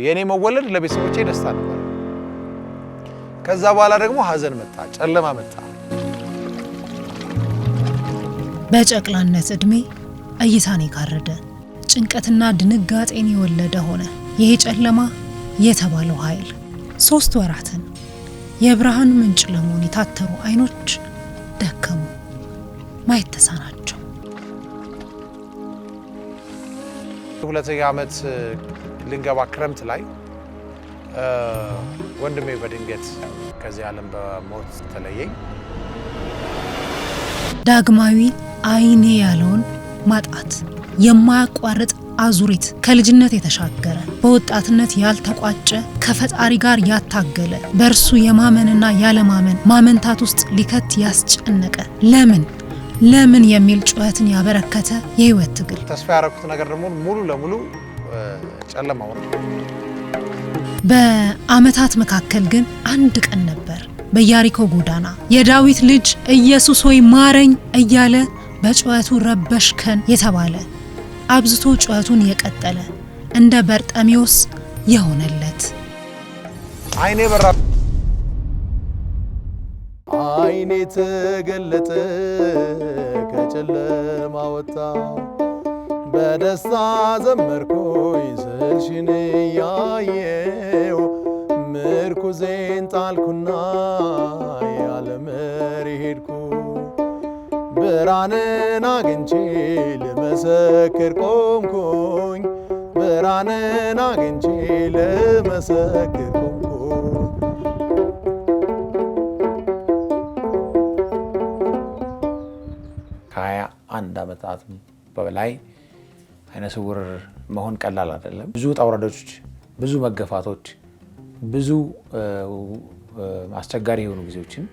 የእኔ መወለድ ለቤተሰቦቼ ደስታ ነበር። ከዛ በኋላ ደግሞ ሀዘን መጣ፣ ጨለማ መጣ። በጨቅላነት እድሜ እይታን የጋረደ ጭንቀትና ድንጋጤን የወለደ ሆነ። ይሄ ጨለማ የተባለው ኃይል ሶስት ወራትን የብርሃን ምንጭ ለመሆን የታተሩ አይኖች ደከሙ፣ ማየት ተሳናቸው። ሁለተኛ ዓመት ልንገባ ክረምት ላይ ወንድሜ በድንገት ከዚህ ዓለም በሞት ተለየኝ። ዳግማዊ አይኔ ያለውን ማጣት የማያቋርጥ አዙሪት ከልጅነት የተሻገረ በወጣትነት ያልተቋጨ ከፈጣሪ ጋር ያታገለ በእርሱ የማመንና ያለማመን ማመንታት ውስጥ ሊከት ያስጨነቀ ለምን ለምን የሚል ጩኸትን ያበረከተ የህይወት ትግል ተስፋ ያረኩት ነገር ደግሞ ሙሉ ለሙሉ ጨለማው ነው። መካከል ግን አንድ ቀን ነበር በያሪኮ ጎዳና የዳዊት ልጅ ኢየሱስ ሆይ ማረኝ እያለ በጩኸቱ ረበሽከን የተባለ አብዝቶ ጩኸቱን የቀጠለ እንደ በርጠሚዎስ የሆነለት አይኔ በራ፣ አይኔ ተገለጠ፣ ከጨለማ ወጣ በደስታ ዘመርኩኝ ስልሽን እያየው ምርኩዜን ጣልኩና ያለ መሪ ሄድኩ ብርሃንን አግኝቼ ልመሰክር ቆምኩኝ ብርሃንን አግኝቼ ልመሰክር ከሀያ አንድ ዓመታት በላይ አይነ ስውር መሆን ቀላል አይደለም። ብዙ ጣውረዶች ብዙ መገፋቶች፣ ብዙ አስቸጋሪ የሆኑ ጊዜዎችን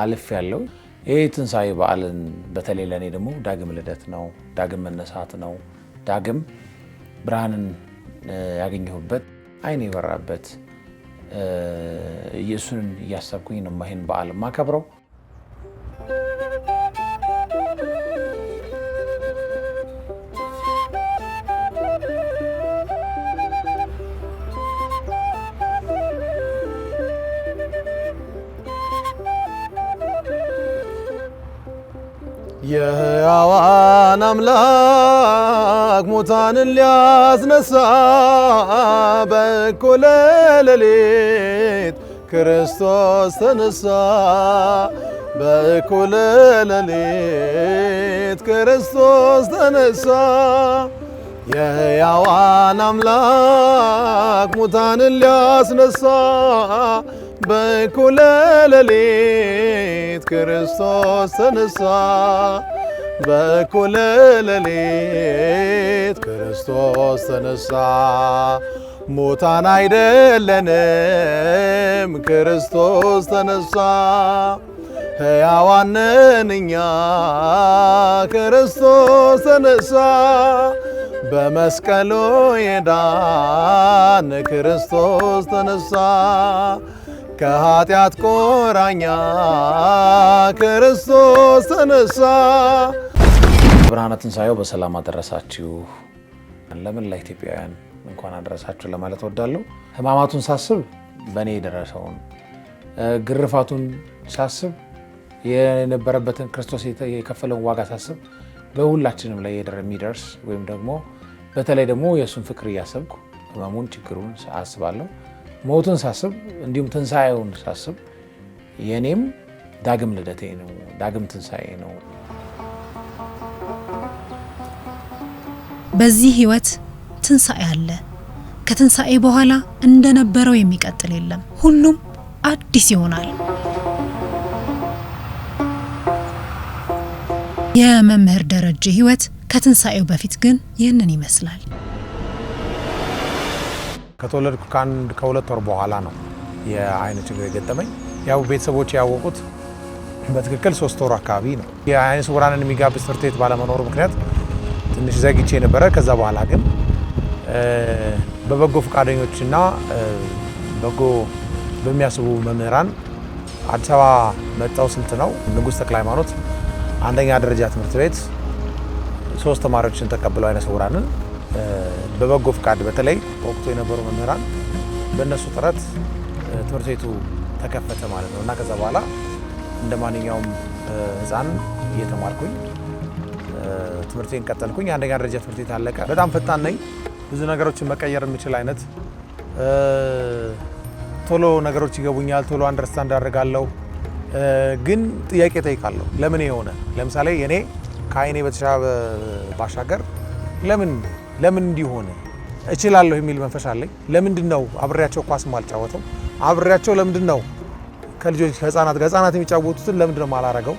አልፍ ያለው ይህ ትንሣኤ በዓልን በተለይ ለእኔ ደግሞ ዳግም ልደት ነው፣ ዳግም መነሳት ነው፣ ዳግም ብርሃንን ያገኘሁበት አይን የበራበት ኢየሱስን እያሰብኩኝ ነው ይህን በዓል ማከብረው። የሕያዋን አምላክ ሙታንን ሊያስነሳ በእኩለ ሌሊት ክርስቶስ ተነሳ። በእኩለ ሌሊት ክርስቶስ ተነሳ። የሕያዋን አምላክ ሙታንን ሊያስነሳ በእኩለ ሌሊት ክርስቶስ ተነሳ። በእኩለ ሌሊት ክርስቶስ ተነሳ። ሙታን አይደለንም፣ ክርስቶስ ተነሳ። ሕያዋን ነን እኛ፣ ክርስቶስ ተነሳ። በመስቀሉ የዳን ክርስቶስ ተነሳ። ከኃጢአት ቆራኛ ክርስቶስ ተነሳ። ብርሃነ ትንሣኤው በሰላም አደረሳችሁ። ለምን ለኢትዮጵያውያን እንኳን አደረሳችሁ ለማለት ወዳለሁ። ሕማማቱን ሳስብ በእኔ የደረሰውን ግርፋቱን ሳስብ የነበረበትን ክርስቶስ የከፈለውን ዋጋ ሳስብ በሁላችንም ላይ የሚደርስ ወይም ደግሞ በተለይ ደግሞ የእሱን ፍቅር እያሰብኩ ህመሙን፣ ችግሩን አስባለሁ። ሞትን ሳስብ እንዲሁም ትንሣኤውን ሳስብ የእኔም ዳግም ልደቴ ነው፣ ዳግም ትንሣኤ ነው። በዚህ ህይወት ትንሣኤ አለ። ከትንሣኤ በኋላ እንደነበረው የሚቀጥል የለም። ሁሉም አዲስ ይሆናል። የመምህር ደረጀ ህይወት ከትንሣኤው በፊት ግን ይህንን ይመስላል። ከተወለድኩ ከአንድ ከሁለት ወር በኋላ ነው የአይን ችግር የገጠመኝ። ያው ቤተሰቦች ያወቁት በትክክል ሶስት ወር አካባቢ ነው። የአይነ ስውራንን የሚጋብዝ ትምህርት ቤት ባለመኖሩ ምክንያት ትንሽ ዘግቼ ነበረ። ከዛ በኋላ ግን በበጎ ፈቃደኞችና በጎ በሚያስቡ መምህራን አዲስ አበባ መጣው ስልት ነው ንጉሥ ተክለ ሃይማኖት አንደኛ ደረጃ ትምህርት ቤት ሶስት ተማሪዎችን ተቀብለው አይነ ስውራንን በበጎ ፍቃድ በተለይ በወቅቱ የነበሩ መምህራን በእነሱ ጥረት ትምህርት ቤቱ ተከፈተ ማለት ነው እና ከዛ በኋላ እንደ ማንኛውም ህፃን እየተማርኩኝ ትምህርቴን ቀጠልኩኝ። አንደኛ ደረጃ ትምህርት ቤት አለቀ። በጣም ፈጣን ነኝ። ብዙ ነገሮችን መቀየር የምችል አይነት ቶሎ ነገሮች ይገቡኛል፣ ቶሎ አንደርስታንድ አደርጋለሁ። ግን ጥያቄ ጠይቃለሁ። ለምን የሆነ ለምሳሌ እኔ ከአይኔ በተሻ ባሻገር ለምን ለምን እንዲሆነ እችላለሁ የሚል መንፈስ አለኝ። ለምንድን ነው አብሬያቸው ኳስ ማልጫወተው? አብሬያቸው ለምንድን ነው ከልጆች ከህፃናት ጋር ህፃናት የሚጫወቱትን ለምንድን ነው ማላረገው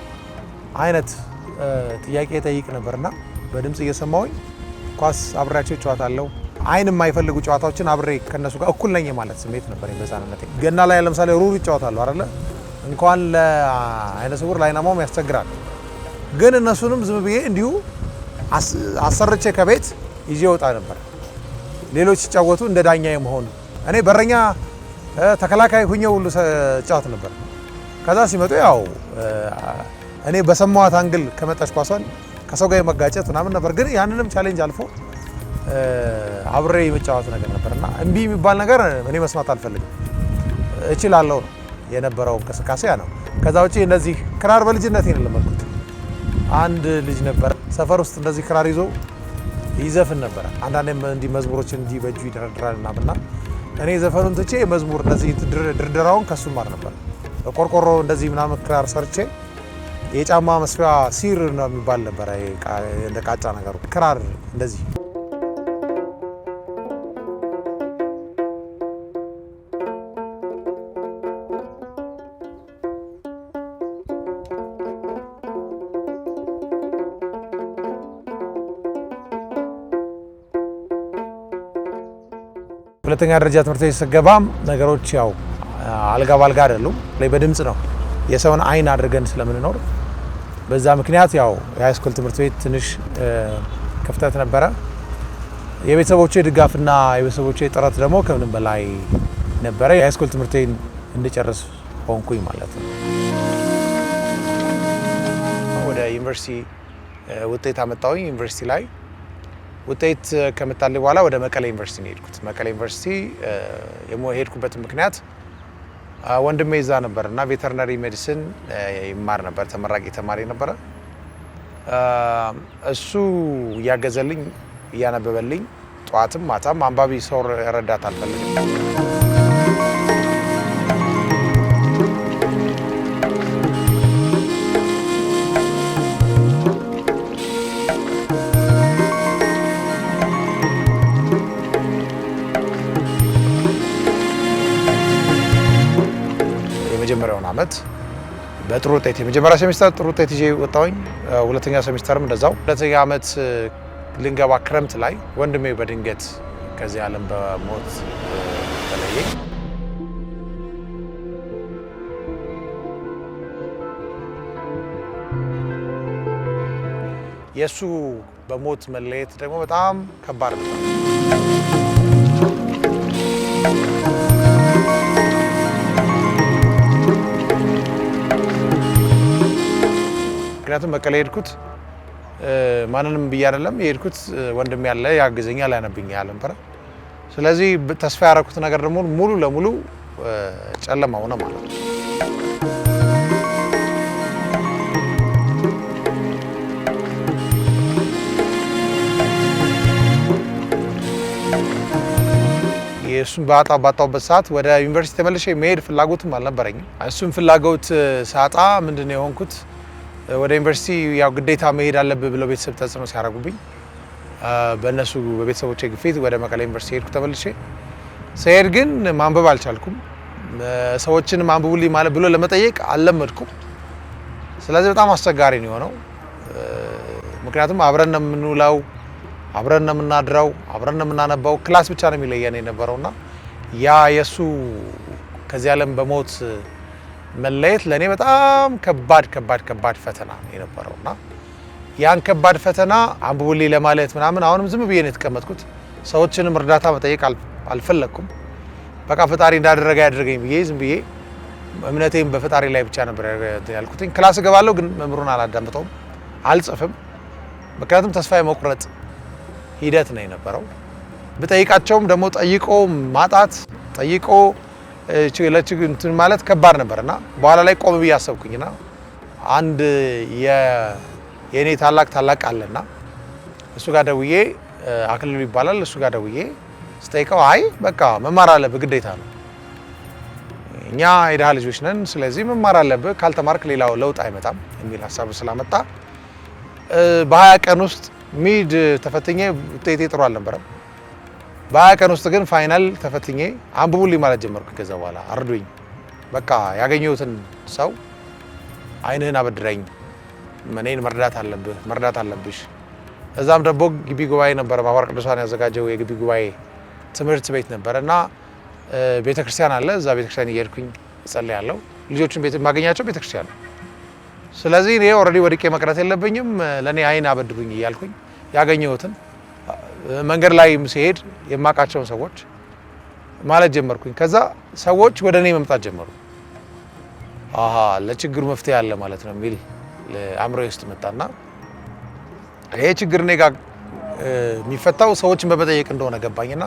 አይነት ጥያቄ ጠይቅ ነበርና በድምፅ እየሰማሁኝ ኳስ አብሬያቸው እጫወታለሁ። አይን የማይፈልጉ ጨዋታዎችን አብሬ ከነሱ ጋር እኩል ነኝ ማለት ስሜት ነበር በህፃንነቴ። ገና ላይ ለምሳሌ ሩር ይጫወታለሁ አይደለ? እንኳን ለአይነ ስውር ለአይናማውም ያስቸግራል። ግን እነሱንም ዝም ብዬ እንዲሁ አሰርቼ ከቤት ይዤ ወጣ ነበር። ሌሎች ሲጫወቱ እንደ ዳኛ የመሆን እኔ በረኛ ተከላካይ ሁኜ ሁሉ ጫወት ነበር። ከዛ ሲመጡ ያው እኔ በሰማዋት አንግል ከመጣች ኳሷን ከሰው ጋር የመጋጨት ምናምን ነበር፣ ግን ያንንም ቻሌንጅ አልፎ አብሬ የመጫወት ነገር ነበር እና እምቢ የሚባል ነገር እኔ መስማት አልፈልግም። እችላለሁ ነው የነበረው እንቅስቃሴ ያ ነው። ከዛ ውጪ እነዚህ ክራር በልጅነት ነው አንድ ልጅ ነበር ሰፈር ውስጥ እንደዚህ ክራር ይዞ ይዘፍን ነበረ። አንዳንዴም እንዲህ መዝሙሮችን እንዲህ በእጁ ይደረድራል ምናምን እኔ ዘፈኑን ትቼ መዝሙር እንደዚህ ድርደራውን ከሱ ማር ነበር። ቆርቆሮ እንደዚህ ምናምን ክራር ሰርቼ የጫማ መስፊያ ሲር ነው የሚባል ነበረ፣ እንደ ቃጫ ነገሩ ክራር እንደዚህ ሁለተኛ ደረጃ ትምህርት ቤት ስገባም ነገሮች ያው አልጋ ባልጋ አይደሉም። በድምፅ ነው የሰውን አይን አድርገን ስለምንኖር በዛ ምክንያት ያው የሃይስኩል ትምህርት ቤት ትንሽ ክፍተት ነበረ። የቤተሰቦቼ ድጋፍና የቤተሰቦቼ ጥረት ደግሞ ከምንም በላይ ነበረ። የሃይስኩል ቤት እንድጨርስ ሆንኩኝ ማለት ነው። ወደ ዩኒቨርሲቲ ውጤት አመጣሁኝ። ዩኒቨርሲቲ ላይ ውጤት ከመጣል በኋላ ወደ መቀለ ዩኒቨርሲቲ ነው የሄድኩት። መቀለ ዩኒቨርሲቲ የሄድኩበት ምክንያት ወንድሜ ይዛ ነበር እና ቬተርነሪ ሜዲሲን ይማር ነበር፣ ተመራቂ ተማሪ ነበረ። እሱ እያገዘልኝ እያነበበልኝ፣ ጠዋትም ማታም አንባቢ ሰው ረዳት አልፈልግም። አመት በጥሩ ውጤት የመጀመሪያ ሴሚስተር ጥሩ ውጤት ይዤ ወጣሁኝ። ሁለተኛ ሴሚስተርም እንደዛው። ሁለተኛ አመት ልንገባ ክረምት ላይ ወንድሜ በድንገት ከዚህ ዓለም በሞት ተለየኝ። የእሱ በሞት መለየት ደግሞ በጣም ከባድ ነው። ምክንያቱም መቀሌ የሄድኩት ማንንም ብዬ አይደለም የሄድኩት ወንድም ያለ ያግዘኛል ያነብኛል ነበረ። ስለዚህ ተስፋ ያደረኩት ነገር ደግሞ ሙሉ ለሙሉ ጨለማው ነው ማለት ነው። እሱን በአጣ ባጣውበት ሰዓት ወደ ዩኒቨርሲቲ ተመልሼ መሄድ ፍላጎትም አልነበረኝም። እሱም ፍላጎት ሳጣ ምንድን ነው የሆንኩት ወደ ዩኒቨርሲቲ ያው ግዴታ መሄድ አለብህ ብለው ቤተሰብ ተጽዕኖ ሲያደርጉብኝ በእነሱ በቤተሰቦች ግፊት ወደ መቀሌ ዩኒቨርሲቲ ሄድኩ። ተመልሼ ስሄድ ግን ማንበብ አልቻልኩም። ሰዎችን ማንብቡልኝ ማለት ብሎ ለመጠየቅ አልለመድኩም። ስለዚህ በጣም አስቸጋሪ ነው የሆነው። ምክንያቱም አብረን ነው የምንውላው፣ አብረን ነው የምናድረው፣ አብረን ነው የምናነባው። ክላስ ብቻ ነው የሚለየን የነበረውና ያ የእሱ ከዚህ ዓለም በሞት መለየት ለእኔ በጣም ከባድ ከባድ ከባድ ፈተና እና ያን ከባድ ፈተና አንብቡልኝ ለማለት ምናምን አሁንም ዝም ብዬ ነው የተቀመጥኩት። ሰዎችንም እርዳታ መጠየቅ አልፈለግኩም። በቃ ፈጣሪ እንዳደረገ ያደረገኝ ብዬ ዝም ብዬ እምነቴም በፈጣሪ ላይ ብቻ ነበር ያልኩትኝ። ክላስ እገባለሁ ግን መምህሩን አላዳምጠውም፣ አልጽፍም። ምክንያቱም ተስፋ የመቁረጥ ሂደት ነው የነበረው። ብጠይቃቸውም ደግሞ ጠይቆ ማጣት ጠይቆ እንትን ማለት ከባድ ነበርና በኋላ ላይ ቆም ብዬ አሰብኩኝና አንድ የእኔ ታላቅ ታላቅ አለና እሱ ጋር ደውዬ አክልሉ ይባላል። እሱ ጋር ደውዬ ስጠይቀው አይ በቃ መማር አለብህ ግዴታ ነው፣ እኛ የድሃ ልጆች ነን፣ ስለዚህ መማር አለብህ፣ ካልተማርክ ሌላው ለውጥ አይመጣም የሚል ሀሳብ ስላመጣ በሀያ ቀን ውስጥ ሚድ ተፈትኜ ውጤቴ ጥሩ አልነበረም። በሀያ ቀን ውስጥ ግን ፋይናል ተፈትኜ አንብቡልኝ ማለት ጀመርኩ። ከዛ በኋላ አርዱኝ፣ በቃ ያገኘሁትን ሰው አይንህን አበድረኝ፣ እኔን መርዳት አለብህ መርዳት አለብሽ። እዛም ደግሞ ግቢ ጉባኤ ነበረ፣ ማኅበረ ቅዱሳን ያዘጋጀው የግቢ ጉባኤ ትምህርት ቤት ነበረ እና ቤተክርስቲያን አለ። እዛ ቤተክርስቲያን እየሄድኩኝ እጸልያለሁ። ልጆቹን የማገኛቸው ቤተ ነው። ስለዚህ እኔ ኦልሬዲ ወድቄ መቅረት የለብኝም፣ ለእኔ አይን አበድሩኝ እያልኩኝ ያገኘሁትን መንገድ ላይም ሲሄድ የማውቃቸውን ሰዎች ማለት ጀመርኩኝ። ከዛ ሰዎች ወደ እኔ መምጣት ጀመሩ። አሀ ለችግሩ መፍትሄ አለ ማለት ነው የሚል አእምሮ ውስጥ መጣና ይሄ ችግር እኔ ጋር የሚፈታው ሰዎችን በመጠየቅ እንደሆነ ገባኝና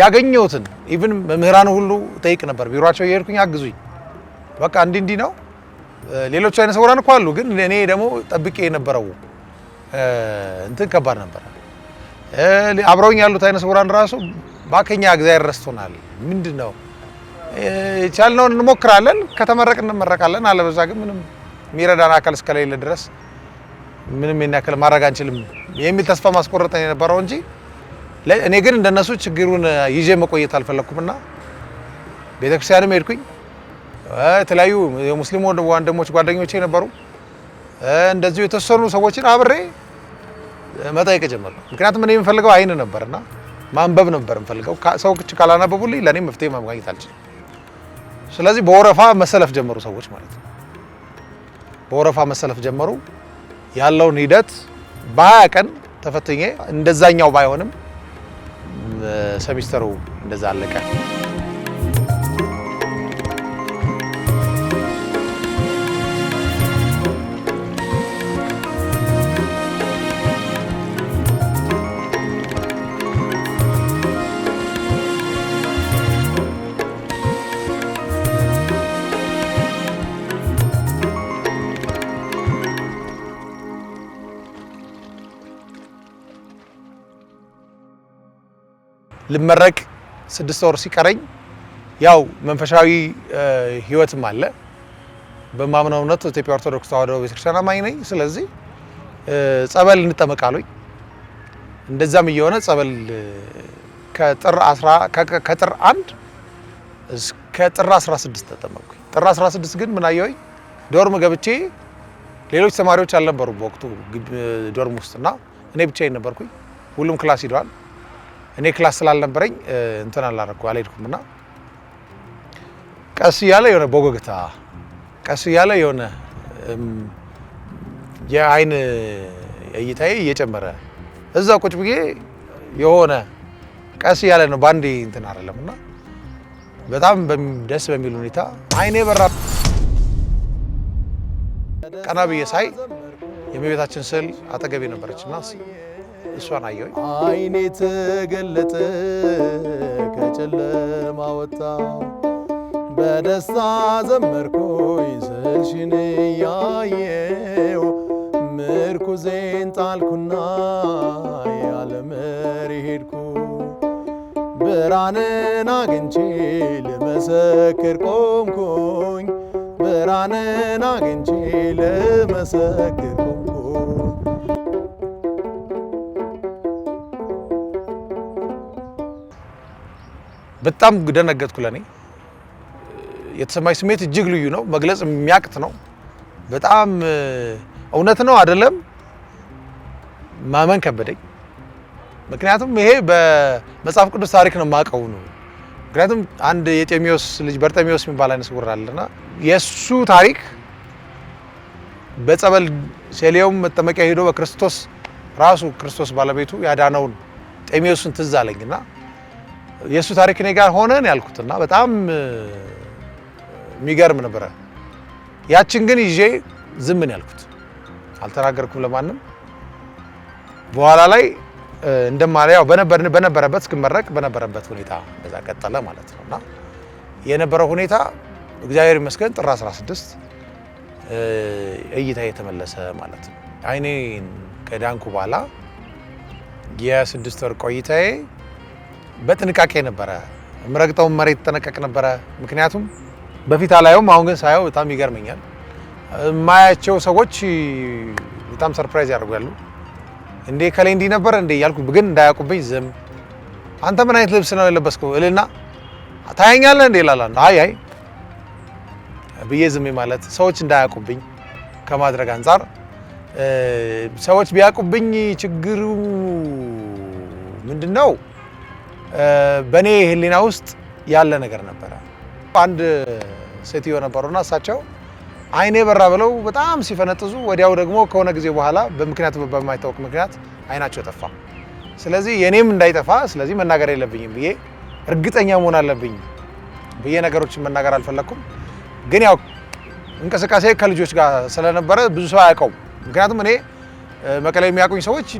ያገኘሁትን ኢቭን መምህራን ሁሉ ጠይቅ ነበር። ቢሮቸው የሄድኩኝ አግዙኝ፣ በቃ እንዲህ እንዲህ ነው። ሌሎቹ አይነ ሰውራን እኮ አሉ፣ ግን እኔ ደግሞ ጠብቄ የነበረው እንትን ከባድ ነበረ። አብረውኝ ያሉት አይነ ስውራን ራሱ ባከኛ እግዚአብሔር ረስቶናል። ምንድን ነው የቻልነውን እንሞክራለን፣ ከተመረቅ እንመረቃለን። አለበዛ ግን ምንም የሚረዳን አካል እስከሌለ ድረስ ምንም ያክል ማድረግ አንችልም የሚል ተስፋ ማስቆረጠን የነበረው እንጂ እኔ ግን እንደነሱ ችግሩን ይዤ መቆየት አልፈለግኩምና ቤተክርስቲያንም ሄድኩኝ። የተለያዩ የሙስሊም ወንድሞች ጓደኞቼ ነበሩ። እንደዚሁ የተወሰኑ ሰዎችን አብሬ መጠየቅ ጀመርኩ። ምክንያቱም እኔ የምፈልገው አይን ነበርና ማንበብ ነበር የምፈልገው። ሰዎች ካላነበቡልኝ ለእኔ መፍትሄ ማግኘት አልችልም። ስለዚህ በወረፋ መሰለፍ ጀመሩ ሰዎች ማለት ነው። በወረፋ መሰለፍ ጀመሩ። ያለውን ሂደት በሀያ ቀን ተፈትኜ እንደዛኛው ባይሆንም ሰሚስተሩ እንደዛ አለቀ። ልመረቅ ስድስት ወር ሲቀረኝ ያው መንፈሳዊ ህይወትም አለ። በማምነው እምነት ኢትዮጵያ ኦርቶዶክስ ተዋህዶ ቤተክርስቲያን አማኝ ነኝ። ስለዚህ ጸበል እንጠመቅ አሉኝ። እንደዛም እየሆነ ጸበል ከጥር 10 ከጥር 1 እስከ ጥር 16 ተጠመቅኩኝ። ጥር 16 ግን ምን አየሁኝ? ዶርም ገብቼ ሌሎች ተማሪዎች አልነበሩም በወቅቱ ዶርም ውስጥና እኔ ብቻዬን ነበርኩኝ። ሁሉም ክላስ ሂደዋል። እኔ ክላስ ስላልነበረኝ እንትን አላረኩ አልሄድኩም። እና ቀስ እያለ የሆነ ቦጎግታ ቀስ እያለ የሆነ የአይን እይታዬ እየጨመረ እዛ ቁጭ ብዬ የሆነ ቀስ እያለ ነው በአንዴ እንትን አይደለም እና በጣም ደስ በሚል ሁኔታ አይኔ በራ። ቀና ብዬ ሳይ የእመቤታችን ስዕል አጠገቤ ነበረች እና እሷን አየሁኝ። አይኔ ተገለጠ ከጨለማ ወጣ በደስታ ዘመርኩኝ ስልሽን እያየው ምርኩዜን ጣልኩና ያለ መሪ ሄድኩ ብርሃንን አግኝቼ ልመሰክር ቆምኩኝ ብርሃንን አግኝቼ ልመሰክር በጣም ደነገጥኩ። ለኔ የተሰማኝ ስሜት እጅግ ልዩ ነው፣ መግለጽ የሚያቅት ነው። በጣም እውነት ነው አይደለም ማመን ከበደኝ። ምክንያቱም ይሄ በመጽሐፍ ቅዱስ ታሪክ ነው የማውቀው ነው። ምክንያቱም አንድ የጤሚዎስ ልጅ በርጤሚዎስ የሚባል አይነት ስውር አለና የእሱ ታሪክ በጸበል ሴሌውም መጠመቂያ ሄዶ በክርስቶስ ራሱ ክርስቶስ ባለቤቱ ያዳነውን ጤሚዎስን ትዝ አለኝና የእሱ ታሪክ እኔ ጋር ሆነን ያልኩትና በጣም የሚገርም ነበረ። ያችን ግን ይዤ ዝምን ያልኩት አልተናገርኩም ለማንም። በኋላ ላይ በነበር በነበረበት እስክመረቅ በነበረበት ሁኔታ እንደዛ ቀጠለ ማለት ነው እና የነበረው ሁኔታ እግዚአብሔር ይመስገን ጥር 16 እይታ የተመለሰ ማለት ነው። አይኔን ከዳንኩ በኋላ የስድስት ወር ቆይታዬ በጥንቃቄ ነበረ የምረግጠውን መሬት ጠነቀቅ ነበረ። ምክንያቱም በፊት አላየውም፣ አሁን ግን ሳየው በጣም ይገርመኛል። የማያቸው ሰዎች በጣም ሰርፕራይዝ ያደርጋሉ። እንዴ ከላይ እንዲህ ነበር እንዴ እያልኩ ግን እንዳያውቁብኝ ዝም። አንተ ምን አይነት ልብስ ነው የለበስከው እልና ታያኛለህ እንዴ ላላን አይ አይ ብዬ ዝም ማለት ሰዎች እንዳያውቁብኝ ከማድረግ አንጻር ሰዎች ቢያውቁብኝ ችግሩ ምንድን ነው? በእኔ ህሊና ውስጥ ያለ ነገር ነበረ። አንድ ሴትዮ ነበሩና እሳቸው አይኔ በራ ብለው በጣም ሲፈነጥዙ፣ ወዲያው ደግሞ ከሆነ ጊዜ በኋላ በምክንያት በማይታወቅ ምክንያት አይናቸው ጠፋ። ስለዚህ የእኔም እንዳይጠፋ ስለዚህ መናገር የለብኝም ብዬ እርግጠኛ መሆን አለብኝ ብዬ ነገሮችን መናገር አልፈለግኩም። ግን ያው እንቅስቃሴ ከልጆች ጋር ስለነበረ ብዙ ሰው አያውቀው ምክንያቱም እኔ መቀሌ የሚያውቁኝ ሰዎች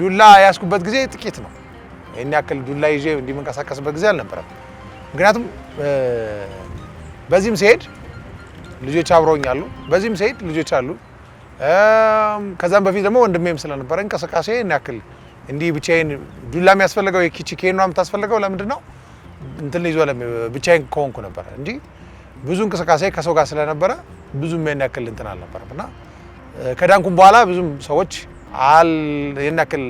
ዱላ ያስኩበት ጊዜ ጥቂት ነው። ይህን ያክል ዱላ ይዤ እንዲመንቀሳቀስበት ጊዜ አልነበረም። ምክንያቱም በዚህም ሲሄድ ልጆች አብረውኝ በዚህም ሲሄድ ልጆች አሉ። ከዛም በፊት ደግሞ ወንድሜም ስለነበረ እንቅስቃሴ ይህን ያክል እንዲህ ብቻዬን ዱላ የሚያስፈልገው የኪቺ ኬኗ የምታስፈልገው ለምንድን ነው እንትን ይዞ ብቻዬን ከሆንኩ ነበረ እንጂ ብዙ እንቅስቃሴ ከሰው ጋር ስለነበረ ብዙም ይህን ያክል እንትን አልነበረም እና ከዳንኩም በኋላ ብዙም ሰዎች ይህን ያክል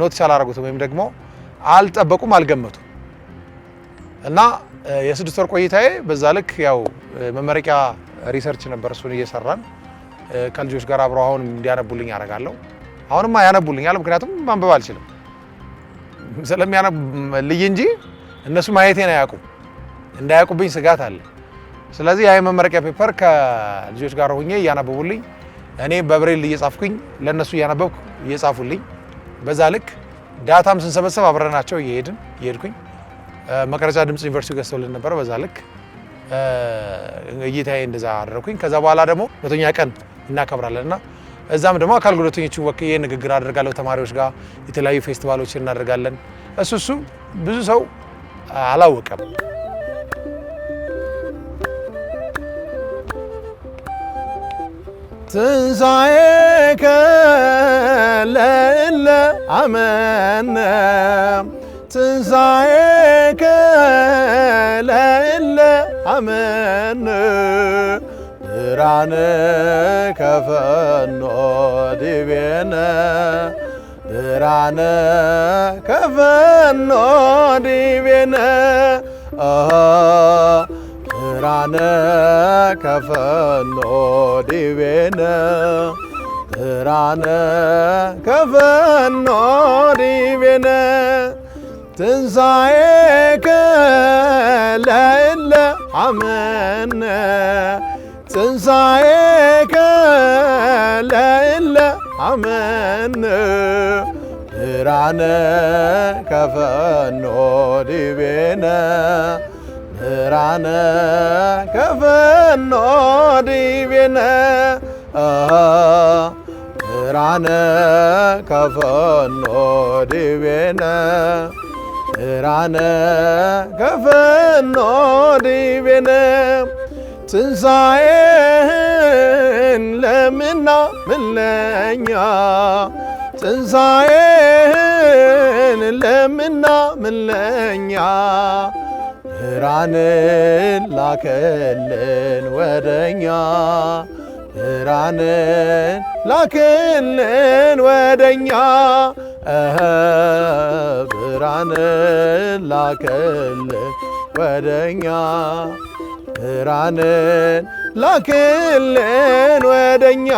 ኖቲስ አላረጉትም ወይም ደግሞ አልጠበቁም፣ አልገመቱም እና የስድስት ወር ቆይታዬ በዛ ልክ ያው መመረቂያ ሪሰርች ነበር። እሱን እየሰራን ከልጆች ጋር አብረው አሁን እንዲያነቡልኝ አደርጋለሁ። አሁንማ ያነቡልኛል፣ ምክንያቱም ማንበብ አልችልም ስለሚያነብልኝ እንጂ እነሱ ማየቴን አያውቁም። እንዳያውቁብኝ ስጋት አለ። ስለዚህ ያ የመመረቂያ ፔፐር ከልጆች ጋር ሁኜ እያነበቡልኝ፣ እኔ በብሬል እየጻፍኩኝ ለእነሱ እያነበብኩ እየጻፉልኝ በዛ ልክ ዳታም ስንሰበሰብ አብረናቸው እየሄድን እየሄድኩኝ መቅረጫ ድምፅ ዩኒቨርሲቲ ገዝተውልን ነበረ። በዛ ልክ እይታዬ እንደዛ አደረግኩኝ። ከዛ በኋላ ደግሞ መቶኛ ቀን እናከብራለን እና እዛም ደግሞ አካል ጉዳተኞችን ወክዬ ንግግር አደርጋለሁ ተማሪዎች ጋር የተለያዩ ፌስቲቫሎች እናደርጋለን። እሱ እሱ ብዙ ሰው አላወቀም። ትንሣኤከ ለእለ አመነ ትንሣኤከ ለእለ አመነ ድራነ ከፈኖ ዲቤነ ድራነ ከፈኖ ዲቤነ ብርሃነ ከፈኖ ዲቤነ ብርሃነ ከፈኖ ዲቤነ ትንሣኤከ ለእለ አመነ ትንሣኤከ ለእለ አመነ ብርሃነ ከፈኖ ዲቤነ ራነ ከፈኖ ዲቤነ ራነ ከፈኖ ዲቤነ ራነ ከፈኖ ዲቤነ ትንሣኤህን ለምና ምለኛ ትንሣኤህን ለምና ምለኛ ብርሃንን ላከልን ወደኛ ብርሃንን ላክልን ወደኛ ብርሃንን ላከልን ወደኛ ብርሃንን ላክልን ወደኛ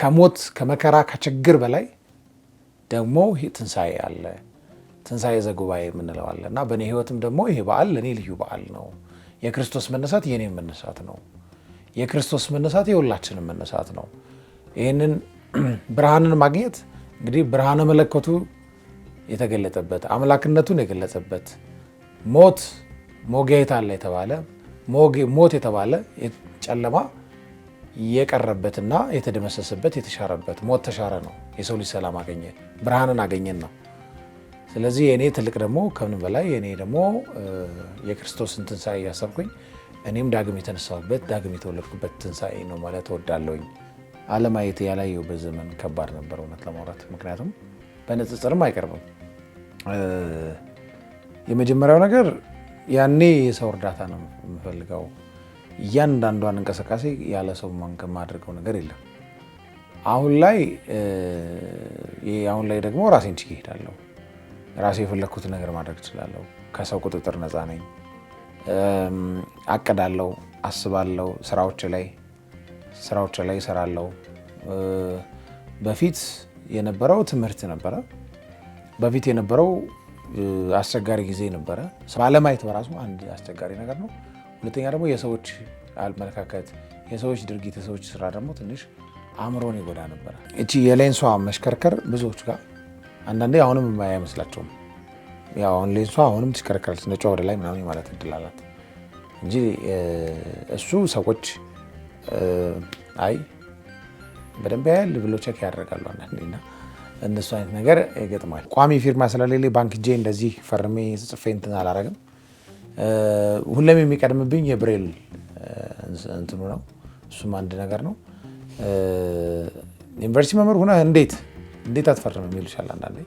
ከሞት ከመከራ ከችግር በላይ ደግሞ ትንሣኤ አለ። ትንሣኤ ዘጉባኤ የምንለው እና በእኔ ህይወትም ደግሞ ይሄ በዓል ለእኔ ልዩ በዓል ነው። የክርስቶስ መነሳት የእኔ መነሳት ነው። የክርስቶስ መነሳት የሁላችንም መነሳት ነው። ይህንን ብርሃንን ማግኘት እንግዲህ ብርሃነ መለኮቱ የተገለጠበት አምላክነቱን የገለጸበት ሞት ሞጌታ አለ የተባለ ሞት የተባለ ጨለማ የቀረበትና የተደመሰሰበት የተሻረበት ሞት ተሻረ ነው። የሰው ልጅ ሰላም አገኘ፣ ብርሃንን አገኘን ነው። ስለዚህ የእኔ ትልቅ ደግሞ ከምንም በላይ የእኔ ደግሞ የክርስቶስን ትንሣኤ እያሰብኩኝ እኔም ዳግም የተነሳሁበት ዳግም የተወለድኩበት ትንሣኤ ነው ማለት እወዳለሁኝ። አለማየት ያላየው በዘመን ከባድ ነበር እውነት ለማውራት ምክንያቱም በንጽጽርም አይቀርብም። የመጀመሪያው ነገር ያኔ የሰው እርዳታ ነው የምፈልገው እያንዳንዷን እንቅስቃሴ ያለ ሰው ማድረገው ነገር የለም። አሁን ላይ አሁን ላይ ደግሞ ራሴን ችዬ እሄዳለሁ። ራሴ የፈለግኩት ነገር ማድረግ እችላለሁ። ከሰው ቁጥጥር ነፃ ነኝ። አቅዳለሁ፣ አስባለሁ፣ ስራዎች ላይ ስራዎች ላይ እሰራለሁ። በፊት የነበረው ትምህርት ነበረ። በፊት የነበረው አስቸጋሪ ጊዜ ነበረ። ባለማየት በራሱ አንድ አስቸጋሪ ነገር ነው። ሁለተኛ ደግሞ የሰዎች አመለካከት፣ የሰዎች ድርጊት፣ የሰዎች ስራ ደግሞ ትንሽ አእምሮን ይጎዳ ነበረ። እቺ የሌንሷ መሽከርከር ብዙዎች ጋር አንዳንዴ አሁንም የማያ አይመስላቸውም። አሁን ሌንሷ አሁንም ትሽከረከራለች ነጩ ወደ ላይ ምናምን ማለት እድል አላት እንጂ እሱ ሰዎች አይ በደንብ ያያል ብሎ ቸክ ያደርጋሉ አንዳንዴና እነሱ አይነት ነገር ይገጥማል። ቋሚ ፊርማ ስለሌለ ባንክ እጄ እንደዚህ ፈርሜ ጽፌ እንትን አላረግም። ሁሌም የሚቀድምብኝ የብሬል እንትኑ ነው። እሱም አንድ ነገር ነው። ዩኒቨርሲቲ መምህር ሆነ እንዴት እንዴት አትፈርም የሚሉ ይችላል አንዳንዴ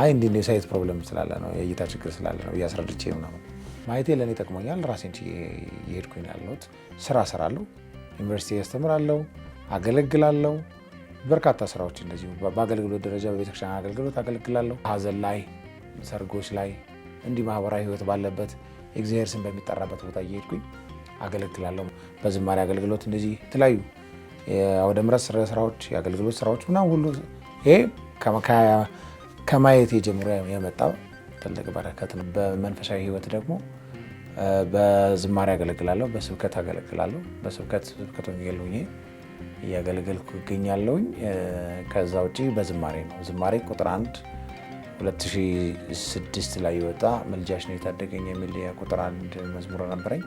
አይ እንዲ የሳይት ፕሮብለም ስላለ ነው የእይታ ችግር ስላለ ነው እያስረድቼ ምናምን ማየቴ ለእኔ ጠቅሞኛል። ራሴን የሄድኩኝ ያለሁት ስራ ስራለሁ፣ ዩኒቨርሲቲ ያስተምራለሁ፣ አገለግላለሁ። በርካታ ስራዎች እንደዚሁ በአገልግሎት ደረጃ በቤተክርስቲያን አገልግሎት አገለግላለሁ። ሀዘን ላይ፣ ሰርጎች ላይ እንዲህ ማህበራዊ ህይወት ባለበት የእግዚአብሔር ስም በሚጠራበት ቦታ እየሄድኩኝ አገለግላለሁ። በዝማሬ አገልግሎት እንደዚህ የተለያዩ አውደ ምረት ስራዎች፣ የአገልግሎት ስራዎች ምናምን ሁሉ ይሄ ከማየት የጀምሮ የመጣው ትልቅ በረከት ነው። በመንፈሳዊ ህይወት ደግሞ በዝማሬ አገለግላለሁ፣ በስብከት አገለግላለሁ። በስብከት ስብከት ወንጌል ሆኜ እያገለገልኩ ይገኛለውኝ። ከዛ ውጭ በዝማሬ ነው። ዝማሬ ቁጥር አንድ 2006 ላይ የወጣ መልጃሽ ነው የታደገኝ የሚል የቁጥር አንድ መዝሙር ነበረኝ።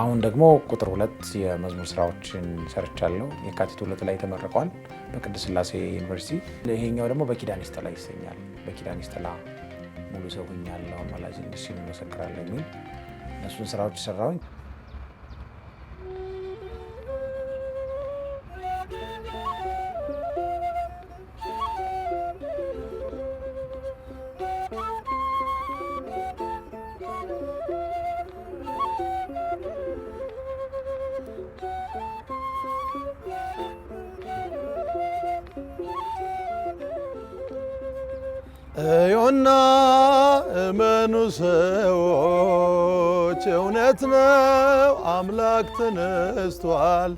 አሁን ደግሞ ቁጥር ሁለት የመዝሙር ስራዎችን ሰርቻለሁ። የካቲት ሁለት ላይ ተመርቋል በቅድስት ሥላሴ ዩኒቨርሲቲ። ይሄኛው ደግሞ በኪዳን ስጠላ ይሰኛል። በኪዳን ስጠላ ሙሉ ሰው ሆኛለሁ አማላጅ ሲሉ መሰክራለሁ የሚል እሱን ስራዎች ሰራሁኝ። እዮና እመኑ ሰዎች እውነት ነው አምላክ ተነስቷል።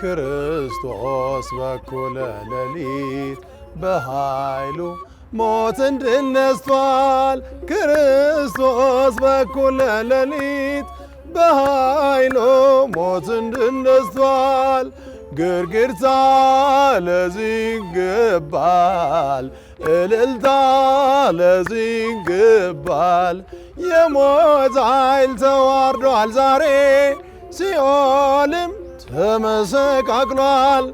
ክርስቶስ በኩለ ሌሊት በኃይሉ ሞትን ድል ነስቷል። ክርስቶስ በኩለ ሌሊት በኃይሉ ሞትን ድል ነስቷል። ግርግርታ ለዚህ ይገባል እልልታ ለዚህ የሞት ኃይል ተዋርዷል ዛሬ ሲኦልም ተመሰቃቅሏል።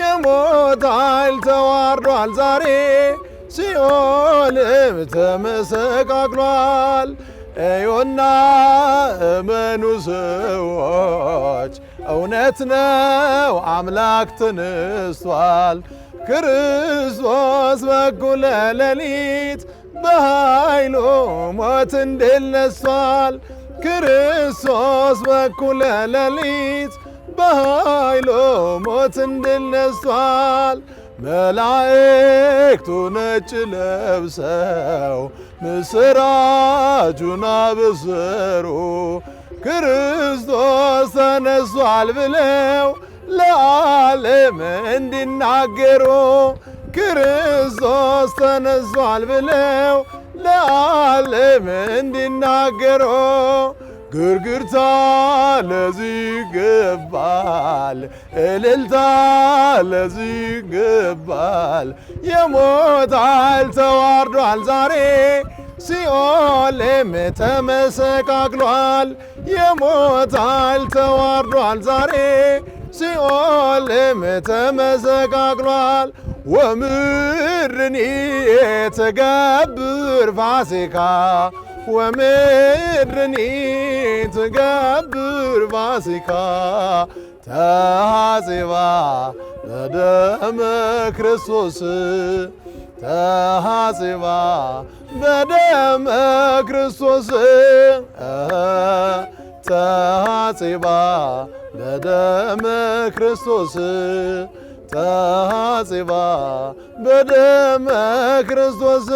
የሞት ኃይል ተዋርዷል ዛሬ ሲኦልም ተመሰቃቅሏል። እዮና እመኑ ሰዎች እውነት ነው አምላክ ተነስቷል። ክርስቶስ በኩለ ሌሊት በኃይሉ ሞትን ድል ነስቷል። ክርስቶስ በኩለ ሌሊት በኃይሉ ሞትን ድል ነስቷል። መላእክቱ ነጭ ለብሰው ምስራቹን አበሰሩ ክርስቶስ ተነሷል ብለው ለዓለም እንዲናገሩ ክርስቶስ ተነሷል ብለው ለዓለም እንዲናገሩ ግርግርታ ለዚህ ይገባል፣ እልልታ ለዚህ ይገባል። የሞት ኃይል ተዋርዷል ዛሬ ሲኦልም ተመሰቃቅሏል። የሞት ኃይል ተዋርዷል ዛሬ ሲኦልም ተመሰቃቅሏል። ወምድርን ትገብር ፋሲካ ወምድርን ትገብር ፋሲካ ተሐጺባ በደመ ክርስቶስ ተሐጺባ በደመ ክርስቶስ ተሐጺባ በደመ ክርስቶስ ተሐጽባ በደመ ክርስቶስ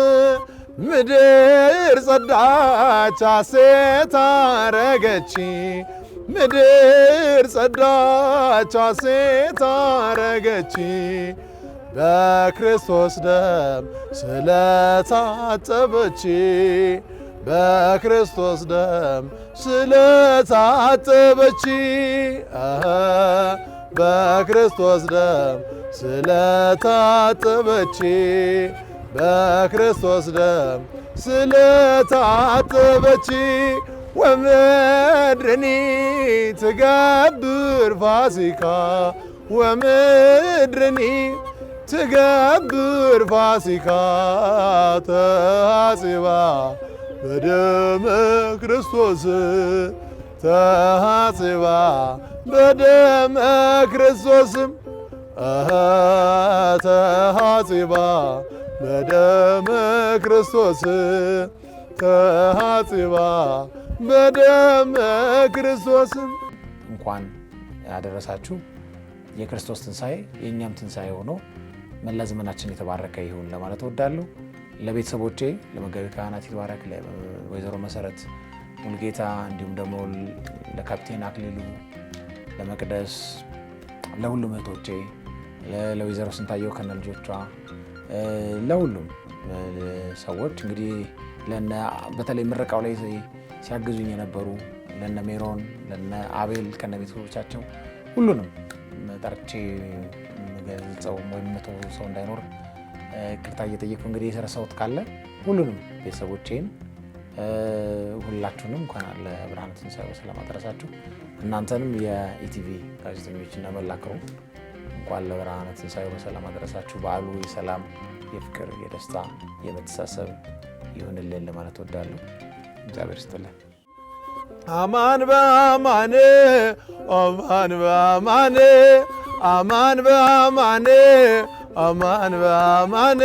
ምድር ጸዳች ሐሴት አረገች ምድር ጸዳች ሐሴት አረገች በክርስቶስ ደም ስለታጠበች በክርስቶስ ደም ስለታጠበች በክርስቶስ ደም ስለታጠበች በክርስቶስ ደም ስለታጠበች ወምድርኒ ትገብር ፋሲካ ወምድርኒ ትገብር ፋሲካ ተሐሲባ በደመ ክርስቶስ ተሐጽባ በደመ ክርስቶስም ተሐጽባ በደመ ክርስቶስ ተሐጽባ በደመ ክርስቶስም እንኳን ያደረሳችሁ የክርስቶስ ትንሣኤ የእኛም ትንሣኤ ሆኖ መላ ዘመናችን የተባረከ ይሁን ለማለት እወዳለሁ። ለቤተሰቦቼ ለመጋቢ ካህናት ይትባረክ፣ ወይዘሮ መሰረት ሙልጌታ፣ እንዲሁም ደግሞ ለካፕቴን አክሊሉ፣ ለመቅደስ፣ ለሁሉም እህቶቼ፣ ለወይዘሮ ስንታየው ከነ ልጆቿ፣ ለሁሉም ሰዎች እንግዲህ በተለይ ምረቃው ላይ ሲያግዙኝ የነበሩ ለነ ሜሮን ለነ አቤል ከነ ቤተሰቦቻቸው ሁሉንም ጠርቼ ገጸው ወይም መቶ ሰው እንዳይኖር ቅርታ እየጠየቁ እንግዲህ የረሳሁት ካለ ሁሉንም ቤተሰቦቼን ሁላችሁንም እንኳን ለብርሃነ ትንሣኤው በሰላም አደረሳችሁ። እናንተንም የኢቲቪ ጋዜጠኞች እና መላ እንኳን ለብርሃነ ትንሣኤው በሰላም አደረሳችሁ። በዓሉ የሰላም የፍቅር፣ የደስታ፣ የመተሳሰብ ይሁንልን ለማለት ወዳለሁ። እግዚአብሔር ይስጥልን። አማን በአማን ኦማን በአማን አማን በአማን አማን በአማን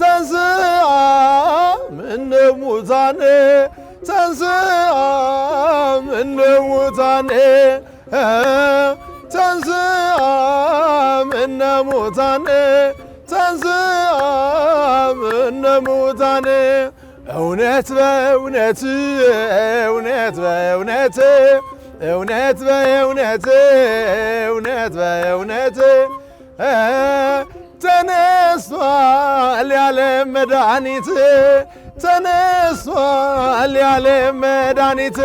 ተንስአ እሙታን ተንስአ እሙታን ተንስአ እሙታን ተንስአ እሙታን እውነት በእውነት እውነት በእውነት እውነት በእውነት እውነት በእውነት ተነስቷል ያለ መድኃኒት ተነስቷል ያለ መድኃኒት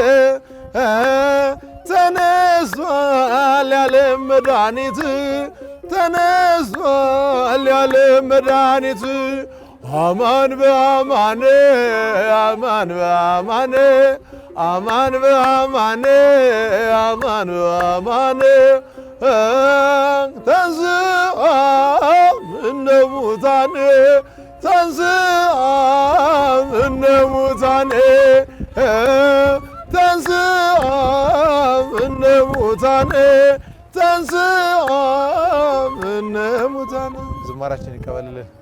ተነስቷል ያለ መድኃኒት ተነስቷል ያለ መድኃኒት አማን በአማን አማን በአማን አማን በአማን አማን በአማን ተንሥአ እሙታን ተንሥአ እሙታን ተንሥአ ተንስአ ተንሥአ እሙታን ዝማራችን ይቀበልልን።